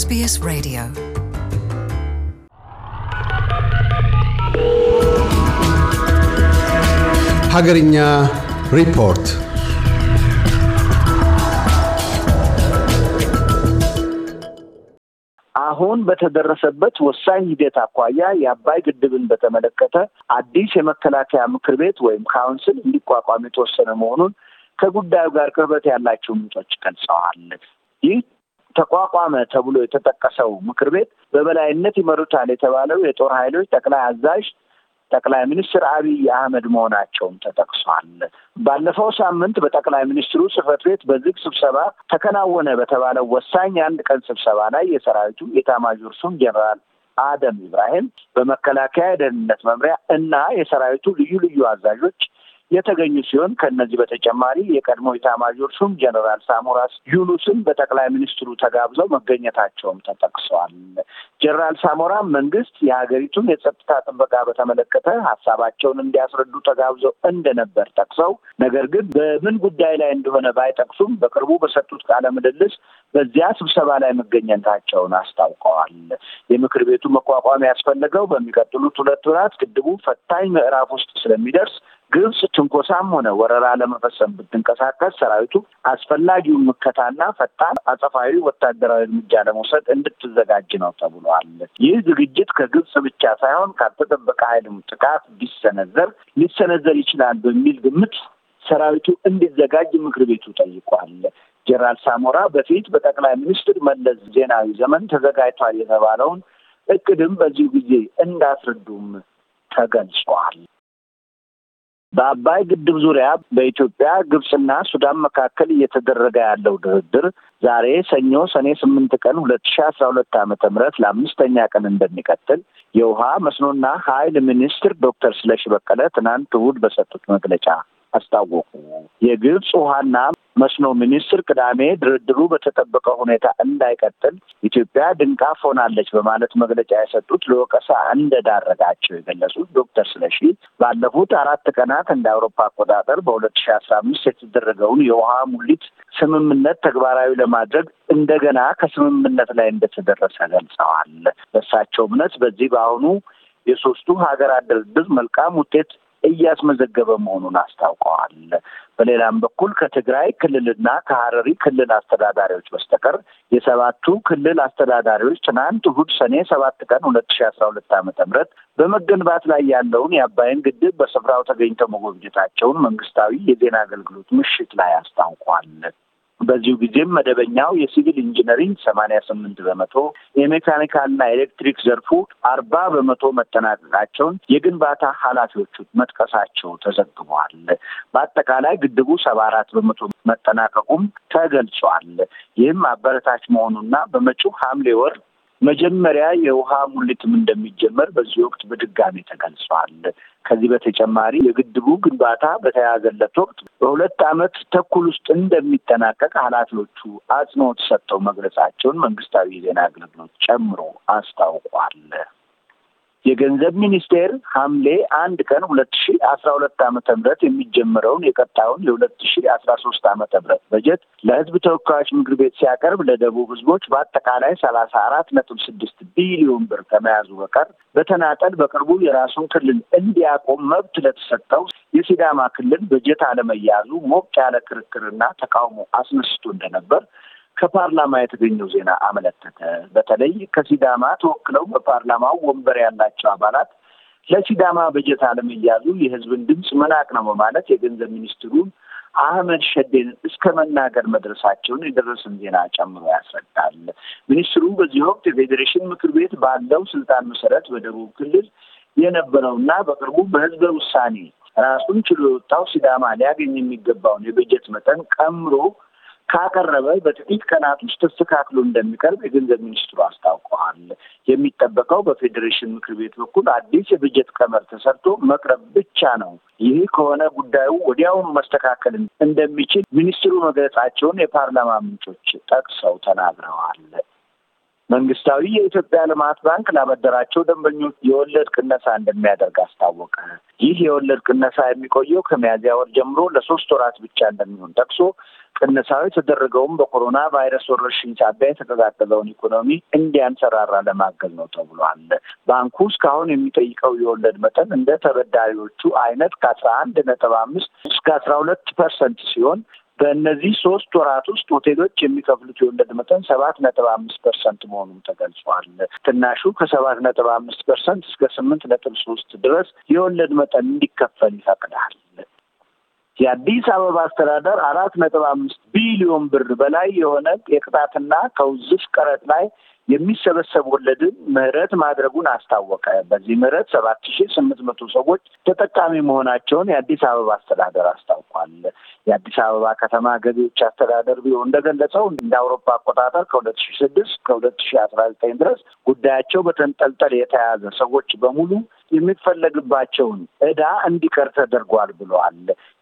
SBS Radio. ሀገርኛ ሪፖርት አሁን በተደረሰበት ወሳኝ ሂደት አኳያ የአባይ ግድብን በተመለከተ አዲስ የመከላከያ ምክር ቤት ወይም ካውንስል እንዲቋቋም የተወሰነ መሆኑን ከጉዳዩ ጋር ቅርበት ያላቸው ምንጮች ገልጸዋል። ይህ ተቋቋመ ተብሎ የተጠቀሰው ምክር ቤት በበላይነት ይመሩታል የተባለው የጦር ኃይሎች ጠቅላይ አዛዥ ጠቅላይ ሚኒስትር አብይ አህመድ መሆናቸውም ተጠቅሷል። ባለፈው ሳምንት በጠቅላይ ሚኒስትሩ ጽህፈት ቤት በዝግ ስብሰባ ተከናወነ በተባለው ወሳኝ የአንድ ቀን ስብሰባ ላይ የሰራዊቱ ኤታማዦር ሹም ጀነራል አደም ኢብራሂም በመከላከያ የደህንነት መምሪያ እና የሰራዊቱ ልዩ ልዩ አዛዦች የተገኙ ሲሆን ከእነዚህ በተጨማሪ የቀድሞ ኢታማዦር ሹም ጀነራል ሳሞራስ ዩኑስም በጠቅላይ ሚኒስትሩ ተጋብዘው መገኘታቸውም ተጠቅሰዋል። ጀነራል ሳሞራ መንግስት የሀገሪቱን የጸጥታ ጥበቃ በተመለከተ ሀሳባቸውን እንዲያስረዱ ተጋብዘው እንደነበር ጠቅሰው ነገር ግን በምን ጉዳይ ላይ እንደሆነ ባይጠቅሱም በቅርቡ በሰጡት ቃለ ምልልስ በዚያ ስብሰባ ላይ መገኘታቸውን አስታውቀዋል። የምክር ቤቱ መቋቋም ያስፈለገው በሚቀጥሉት ሁለት ወራት ግድቡ ፈታኝ ምዕራፍ ውስጥ ስለሚደርስ ግብጽ ትንኮሳም ሆነ ወረራ ለመፈሰም ብትንቀሳቀስ ሰራዊቱ አስፈላጊውን ምከታና ፈጣን አጸፋዊ ወታደራዊ እርምጃ ለመውሰድ እንድትዘጋጅ ነው ተብሏል። ይህ ዝግጅት ከግብጽ ብቻ ሳይሆን ካልተጠበቀ ኃይልም ጥቃት ቢሰነዘር ሊሰነዘር ይችላል በሚል ግምት ሰራዊቱ እንዲዘጋጅ ምክር ቤቱ ጠይቋል። ጀነራል ሳሞራ በፊት በጠቅላይ ሚኒስትር መለስ ዜናዊ ዘመን ተዘጋጅቷል የተባለውን እቅድም በዚሁ ጊዜ እንዳስረዱም ተገልጿል። በአባይ ግድብ ዙሪያ በኢትዮጵያ ግብፅና ሱዳን መካከል እየተደረገ ያለው ድርድር ዛሬ ሰኞ ሰኔ ስምንት ቀን ሁለት ሺ አስራ ሁለት ዓመተ ምህረት ለአምስተኛ ቀን እንደሚቀጥል የውሃ መስኖና ኃይል ሚኒስትር ዶክተር ስለሺ በቀለ ትናንት እሁድ በሰጡት መግለጫ አስታወቁ። የግብፅ ውሃና መስኖ ሚኒስትር ቅዳሜ ድርድሩ በተጠበቀ ሁኔታ እንዳይቀጥል ኢትዮጵያ ድንቃፍ ሆናለች በማለት መግለጫ የሰጡት ለወቀሳ እንደዳረጋቸው የገለጹት ዶክተር ስለሺ ባለፉት አራት ቀናት እንደ አውሮፓ አቆጣጠር በሁለት ሺ አስራ አምስት የተደረገውን የውሃ ሙሊት ስምምነት ተግባራዊ ለማድረግ እንደገና ከስምምነት ላይ እንደተደረሰ ገልጸዋል። በእሳቸው እምነት በዚህ በአሁኑ የሶስቱ ሀገራት ድርድር መልካም ውጤት እያስመዘገበ መሆኑን አስታውቀዋል። በሌላም በኩል ከትግራይ ክልልና ከሀረሪ ክልል አስተዳዳሪዎች በስተቀር የሰባቱ ክልል አስተዳዳሪዎች ትናንት እሁድ ሰኔ ሰባት ቀን ሁለት ሺ አስራ ሁለት ዓመተ ምህረት በመገንባት ላይ ያለውን የአባይን ግድብ በስፍራው ተገኝተው መጎብኘታቸውን መንግስታዊ የዜና አገልግሎት ምሽት ላይ አስታውቋል። በዚሁ ጊዜም መደበኛው የሲቪል ኢንጂነሪንግ ሰማንያ ስምንት በመቶ የሜካኒካልና ኤሌክትሪክ ዘርፉ አርባ በመቶ መጠናቀቃቸውን የግንባታ ኃላፊዎቹ መጥቀሳቸው ተዘግቧል። በአጠቃላይ ግድቡ ሰባ አራት በመቶ መጠናቀቁም ተገልጿል። ይህም አበረታች መሆኑና በመጪው ሐምሌ ወር መጀመሪያ የውሃ ሙሊትም እንደሚጀመር በዚህ ወቅት በድጋሚ ተገልጿል። ከዚህ በተጨማሪ የግድቡ ግንባታ በተያያዘለት ወቅት በሁለት ዓመት ተኩል ውስጥ እንደሚጠናቀቅ ኃላፊዎቹ አጽንኦት ሰጥተው መግለጻቸውን መንግስታዊ የዜና አገልግሎት ጨምሮ አስታውቋል። የገንዘብ ሚኒስቴር ሐምሌ አንድ ቀን ሁለት ሺ አስራ ሁለት ዓመተ ምህረት የሚጀምረውን የቀጣውን የሁለት ሺ አስራ ሶስት ዓመተ ምህረት በጀት ለህዝብ ተወካዮች ምክር ቤት ሲያቀርብ ለደቡብ ህዝቦች በአጠቃላይ ሰላሳ አራት ነጥብ ስድስት ቢሊዮን ብር ከመያዙ በቀር በተናጠል በቅርቡ የራሱን ክልል እንዲያቆም መብት ለተሰጠው የሲዳማ ክልል በጀት አለመያዙ ሞቅ ያለ ክርክርና ተቃውሞ አስነስቶ እንደነበር ከፓርላማ የተገኘው ዜና አመለከተ። በተለይ ከሲዳማ ተወክለው በፓርላማው ወንበር ያላቸው አባላት ለሲዳማ በጀት አለመያዙ የህዝብን ድምፅ መናቅ ነው በማለት የገንዘብ ሚኒስትሩን አህመድ ሸዴን እስከ መናገር መድረሳቸውን የደረሰን ዜና ጨምሮ ያስረዳል። ሚኒስትሩ በዚህ ወቅት የፌዴሬሽን ምክር ቤት ባለው ስልጣን መሰረት በደቡብ ክልል የነበረውና በቅርቡ በህዝበ ውሳኔ ራሱን ችሎ የወጣው ሲዳማ ሊያገኝ የሚገባውን የበጀት መጠን ቀምሮ ካቀረበ በጥቂት ቀናት ውስጥ ተስተካክሎ እንደሚቀርብ የገንዘብ ሚኒስትሩ አስታውቀዋል። የሚጠበቀው በፌዴሬሽን ምክር ቤት በኩል አዲስ የበጀት ቀመር ተሰርቶ መቅረብ ብቻ ነው። ይህ ከሆነ ጉዳዩ ወዲያውኑ መስተካከል እንደሚችል ሚኒስትሩ መግለጻቸውን የፓርላማ ምንጮች ጠቅሰው ተናግረዋል። መንግስታዊ የኢትዮጵያ ልማት ባንክ ላበደራቸው ደንበኞች የወለድ ቅነሳ እንደሚያደርግ አስታወቀ። ይህ የወለድ ቅነሳ የሚቆየው ከሚያዝያ ወር ጀምሮ ለሶስት ወራት ብቻ እንደሚሆን ጠቅሶ ቅነሳው የተደረገውም በኮሮና ቫይረስ ወረርሽኝ ሳቢያ የተቀዛቀዘውን ኢኮኖሚ እንዲያንሰራራ ለማገል ነው ተብሏል። ባንኩ እስካሁን የሚጠይቀው የወለድ መጠን እንደ ተበዳሪዎቹ አይነት ከአስራ አንድ ነጥብ አምስት እስከ አስራ ሁለት ፐርሰንት ሲሆን በእነዚህ ሶስት ወራት ውስጥ ሆቴሎች የሚከፍሉት የወለድ መጠን ሰባት ነጥብ አምስት ፐርሰንት መሆኑም ተገልጿል። ትናሹ ከሰባት ነጥብ አምስት ፐርሰንት እስከ ስምንት ነጥብ ሶስት ድረስ የወለድ መጠን እንዲከፈል ይፈቅዳል። የአዲስ አበባ አስተዳደር አራት ነጥብ አምስት ቢሊዮን ብር በላይ የሆነ የቅጣትና ከውዝፍ ቀረጥ ላይ የሚሰበሰብ ወለድን ምህረት ማድረጉን አስታወቀ። በዚህ ምህረት ሰባት ሺ ስምንት መቶ ሰዎች ተጠቃሚ መሆናቸውን የአዲስ አበባ አስተዳደር አስታውቋል። የአዲስ አበባ ከተማ ገቢዎች አስተዳደር ቢሮ እንደገለጸው እንደ አውሮፓ አቆጣጠር ከሁለት ሺ ስድስት ከሁለት ሺ አስራ ዘጠኝ ድረስ ጉዳያቸው በተንጠልጠል የተያዘ ሰዎች በሙሉ የሚፈለግባቸውን እዳ እንዲቀር ተደርጓል ብለዋል።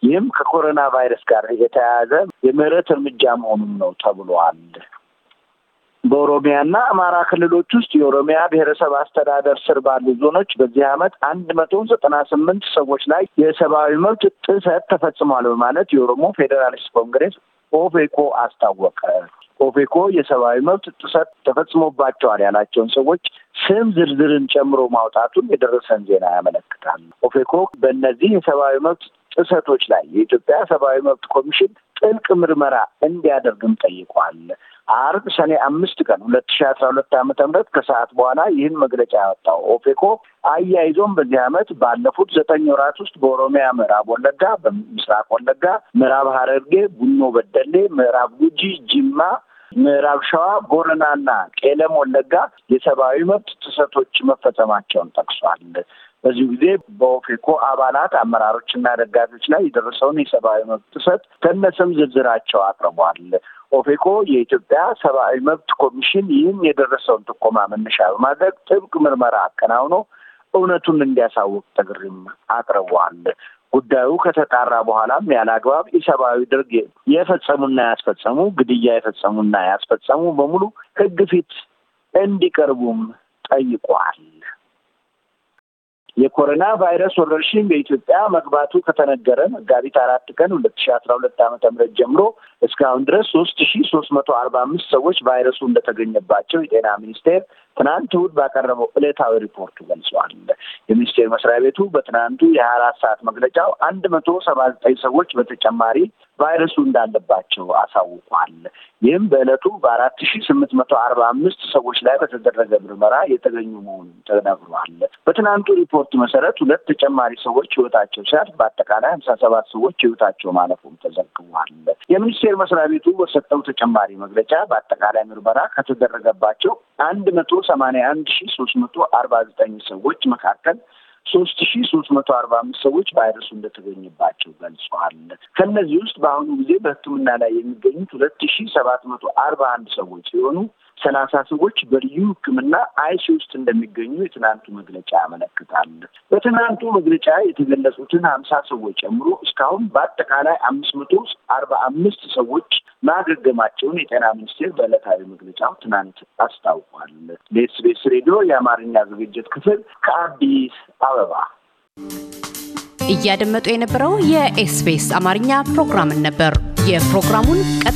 ይህም ከኮሮና ቫይረስ ጋር የተያያዘ የምህረት እርምጃ መሆኑን ነው ተብሏል። በኦሮሚያና አማራ ክልሎች ውስጥ የኦሮሚያ ብሔረሰብ አስተዳደር ስር ባሉ ዞኖች በዚህ ዓመት አንድ መቶ ዘጠና ስምንት ሰዎች ላይ የሰብአዊ መብት ጥሰት ተፈጽሟል በማለት የኦሮሞ ፌዴራሊስት ኮንግሬስ ኦፌኮ አስታወቀ። ኦፌኮ የሰብአዊ መብት ጥሰት ተፈጽሞባቸዋል ያላቸውን ሰዎች ስም ዝርዝርን ጨምሮ ማውጣቱን የደረሰን ዜና ያመለክታል። ኦፌኮ በእነዚህ የሰብአዊ መብት ጥሰቶች ላይ የኢትዮጵያ ሰብአዊ መብት ኮሚሽን ጥልቅ ምርመራ እንዲያደርግም ጠይቋል። አርብ ሰኔ አምስት ቀን ሁለት ሺ አስራ ሁለት ዓመተ ምህረት ከሰዓት በኋላ ይህን መግለጫ ያወጣው ኦፌኮ አያይዞም በዚህ ዓመት ባለፉት ዘጠኝ ወራት ውስጥ በኦሮሚያ ምዕራብ ወለጋ፣ በምስራቅ ወለጋ፣ ምዕራብ ሐረርጌ፣ ቡኖ በደሌ፣ ምዕራብ ጉጂ፣ ጅማ ምዕራብ ሸዋ ቦረናና ቄለም ወለጋ የሰብአዊ መብት ጥሰቶች መፈጸማቸውን ጠቅሷል። በዚሁ ጊዜ በኦፌኮ አባላት አመራሮችና ደጋፊዎች ላይ የደረሰውን የሰብአዊ መብት ጥሰት ከነሰም ዝርዝራቸው አቅርቧል። ኦፌኮ የኢትዮጵያ ሰብአዊ መብት ኮሚሽን ይህን የደረሰውን ጥቆማ መነሻ በማድረግ ጥብቅ ምርመራ አከናውኖ እውነቱን እንዲያሳውቅ ጥሪም አቅርቧል። ጉዳዩ ከተጣራ በኋላም ያለ አግባብ የሰብአዊ ድርግ የፈጸሙና ያስፈጸሙ ግድያ የፈጸሙና ያስፈጸሙ በሙሉ ሕግ ፊት እንዲቀርቡም ጠይቋል። የኮሮና ቫይረስ ወረርሽኝ በኢትዮጵያ መግባቱ ከተነገረ መጋቢት አራት ቀን ሁለት ሺ አስራ ሁለት ዓመተ ምህረት ጀምሮ እስካሁን ድረስ ሶስት ሺ ሶስት መቶ አርባ አምስት ሰዎች ቫይረሱ እንደተገኘባቸው የጤና ሚኒስቴር ትናንት እሁድ ባቀረበው ዕለታዊ ሪፖርት ገልጿል። የሚኒስቴር መስሪያ ቤቱ በትናንቱ የሀያ አራት ሰዓት መግለጫው አንድ መቶ ሰባ ዘጠኝ ሰዎች በተጨማሪ ቫይረሱ እንዳለባቸው አሳውቋል። ይህም በዕለቱ በአራት ሺ ስምንት መቶ አርባ አምስት ሰዎች ላይ በተደረገ ምርመራ የተገኙ መሆኑን ተነግሯል። በትናንቱ ሪፖርት መሰረት ሁለት ተጨማሪ ሰዎች ህይወታቸው ሲያልፍ በአጠቃላይ ሀምሳ ሰባት ሰዎች ህይወታቸው ማለፉም ተዘግቧል። የሚኒስቴር መስሪያ ቤቱ በሰጠው ተጨማሪ መግለጫ በአጠቃላይ ምርመራ ከተደረገባቸው አንድ መቶ ሰማኒያ አንድ ሺ ሶስት መቶ አርባ ዘጠኝ ሰዎች መካከል ሶስት ሺ ሶስት መቶ አርባ አምስት ሰዎች ቫይረሱ እንደተገኘባቸው ገልጿል። ከእነዚህ ውስጥ በአሁኑ ጊዜ በሕክምና ላይ የሚገኙት ሁለት ሺ ሰባት መቶ አርባ አንድ ሰዎች ሲሆኑ ሰላሳ ሰዎች በልዩ ሕክምና አይሲ ውስጥ እንደሚገኙ የትናንቱ መግለጫ ያመለክታል። በትናንቱ መግለጫ የተገለጹትን ሀምሳ ሰዎች ጨምሮ እስካሁን በአጠቃላይ አምስት መቶ አርባ አምስት ሰዎች ማገገማቸውን የጤና ሚኒስቴር በዕለታዊ መግለጫው ትናንት አስታውቋል። ለኤስቤስ ሬዲዮ የአማርኛ ዝግጅት ክፍል ከአዲስ አበባ እያደመጡ የነበረው የኤስቤስ አማርኛ ፕሮግራምን ነበር። የፕሮግራሙን